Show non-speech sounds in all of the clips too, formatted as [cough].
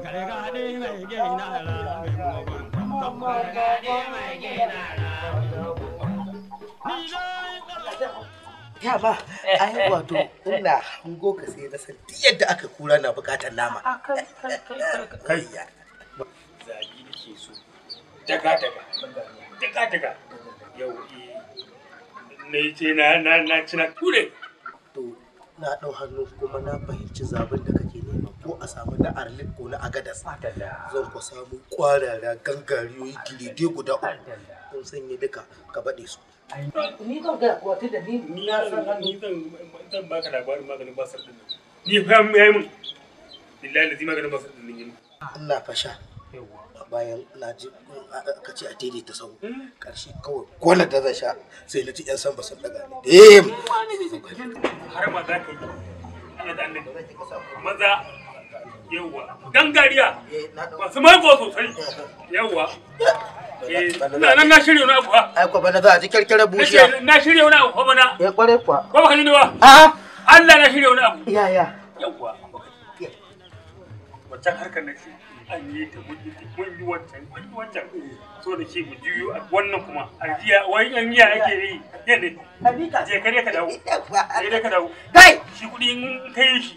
Gare gina gina Ya ba, ai wato ina hango ka sai na san yadda aka kura na bukatar nama. Kai ya Zagi nake so. Daga daga. Daga daga. Yau ne ce na na na ci na kure. To na dau hannu kuma na fahimci zabin da kake a samu na arlit ko na agadas zan ku samu kwarara gangariyoyi gilide guda uku kun sanya duka ka baɗe su ni kan ga wata da ni na san ni zan zan baka labarin maganin basar din ni fa yayi mun billahi lazi maganin basar din ne Allah fasha bayan na ji ka ce a daidai ta sau hmm? karshe kawai gwala da zai sha sai na ci yan san basan daga ne dem har ma za ka yi maza yawwa gangariya eh, masu maiko sosai eh, eh. yawwa ina nan na shirya wani abu ha ai kwa bana za a ji kirkirar bushiya na shirya wani abu bana ya kware kwa baka ni a ah. Allah na shirya wani abu ya ya yawwa harkar na shi an yi ta mun yi wancan mun yi wancan so da mu juyo wannan kuma ajiya wai an yi ake yi je kare ka dawo kare ka dawo kai shi kudi in kai shi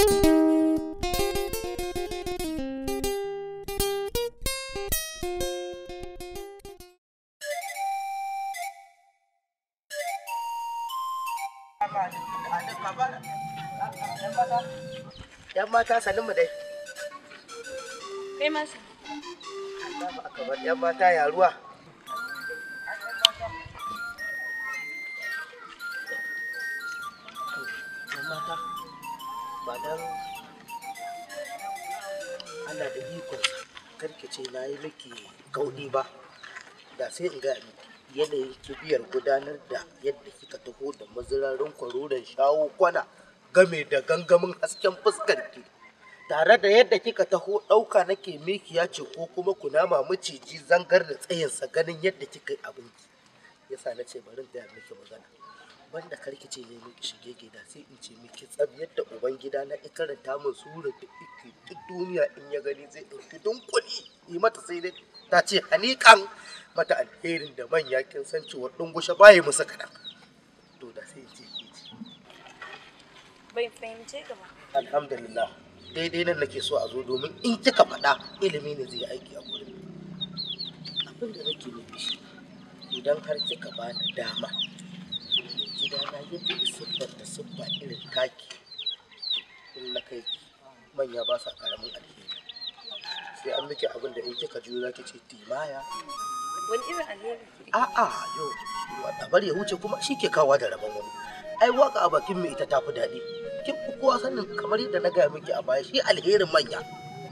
Yan mata sanin mu dai. Kai yan mata ya Yan mata ba dan Allah da ikon karkace na yi miki kaudi ba da sai in ga miki. yanayin kibiyar gudanar da yadda kika taho da mazirarin kwaroron shawo kwana game da gangamin hasken fuskarki tare da yadda kika taho ɗauka na ya ce ko kuma kunama maciji zangar da tsayinsa ganin yadda kika yi ya yasa na ce da gaya miki magana banda karki ce ne miki shige gida sai in ce miki tsab yadda uban gida na karanta min surar da duk duniya in ya gani zai ɗauki dunkuli yi mata sai dai ta ce hanikan mata alherin da man yakin san cewa dungushe baya musu kaɗan to da sai ce bai fahimce ga ba alhamdulillah daidai nan nake so a zo domin in kika faɗa ilimi ne zai aiki a gurin abin da nake nufi shi idan har kika ba da dama gidana yadda siffar da siffa irin taki in na kai manya ba sa ƙaramin alheri sai an miki abin da in kika juyo za ki ce timaya wani irin alheri a'a yo a bari ya huce kuma shi ke kawo da rabon wani ai waka a bakin mu ita tafi daɗi kin fi kowa sanin kamar yadda na gaya miki a baya shi alherin manya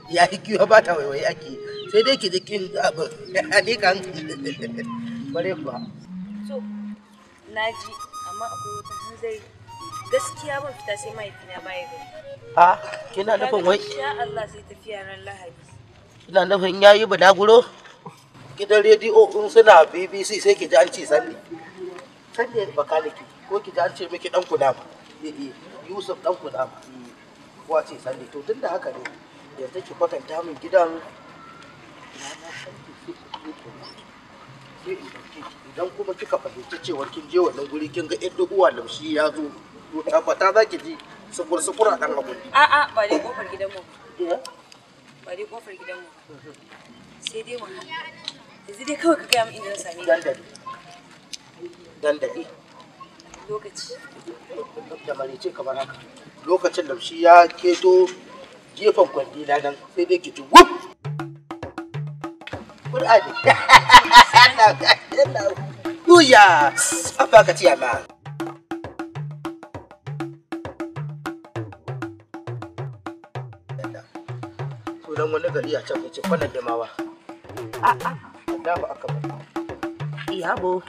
ya yi kiwa ba ta waiwaye ake sai dai ki ji kin abin [laughs] ne kan bare kuwa so na ji amma akwai wata hanzari gaskiya ban fita sai mahaifina baya gari a ah, kina nufin wai insha Allah sai tafiya ran lahadi kina nufin ya yi bulaguro gidan rediyo in suna bbc sai ki ji an ce sanne sanne bakaliki ko ki ji an ce miki dan kudama eh, eh, yusuf dan kudama eh, kowa ce sanne to tun da haka ne yanzu ki kwatanta min gidan idan kuma kika fahimci cewa kin je wannan guri kin ga yadda uwa laushi ya zo to tabbata za ki ji sukur sukura dan abu a'a ba dai kofar gidan mu ba dai kofar gidanmu sai dai yanzu dai kawai ka gaya min inda na same dandali dandali lokaci da marice kamar haka lokacin da shi ya keto gefen kwandi na nan sai dai ki ji wuf [laughs] sunan wani gari a can ce kwanan limawa a'a Allahu akbar iyabo